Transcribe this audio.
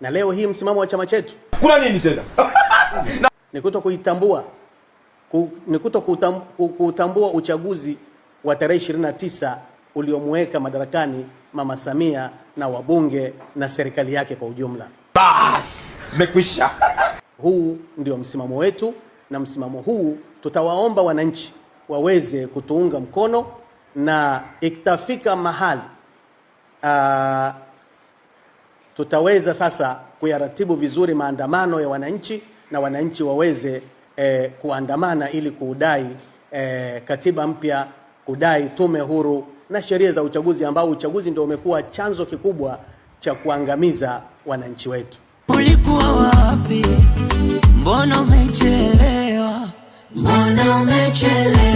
na leo hii msimamo wa chama chetu kuna nini tena? ni kuto kuitambua ku, ni kuto kuutambua uchaguzi wa tarehe 29 uliomweka madarakani Mama Samia na wabunge na serikali yake kwa ujumla. Bas, mekwisha. Huu ndio msimamo wetu na msimamo huu tutawaomba wananchi waweze kutuunga mkono na itafika mahali uh, tutaweza sasa kuyaratibu vizuri maandamano ya wananchi na wananchi waweze eh, kuandamana ili kudai eh, katiba mpya, kudai tume huru na sheria za uchaguzi, ambao uchaguzi ndio umekuwa chanzo kikubwa cha kuangamiza wananchi wetu. Ulikuwa wapi? Mbona umechelewa? Mbona umechelewa?